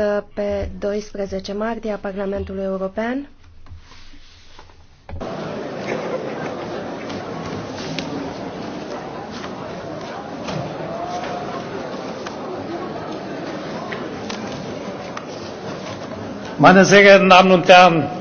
votată pe 12 martie a Parlamentului European. Meine sehr geehrten Damen und Herren,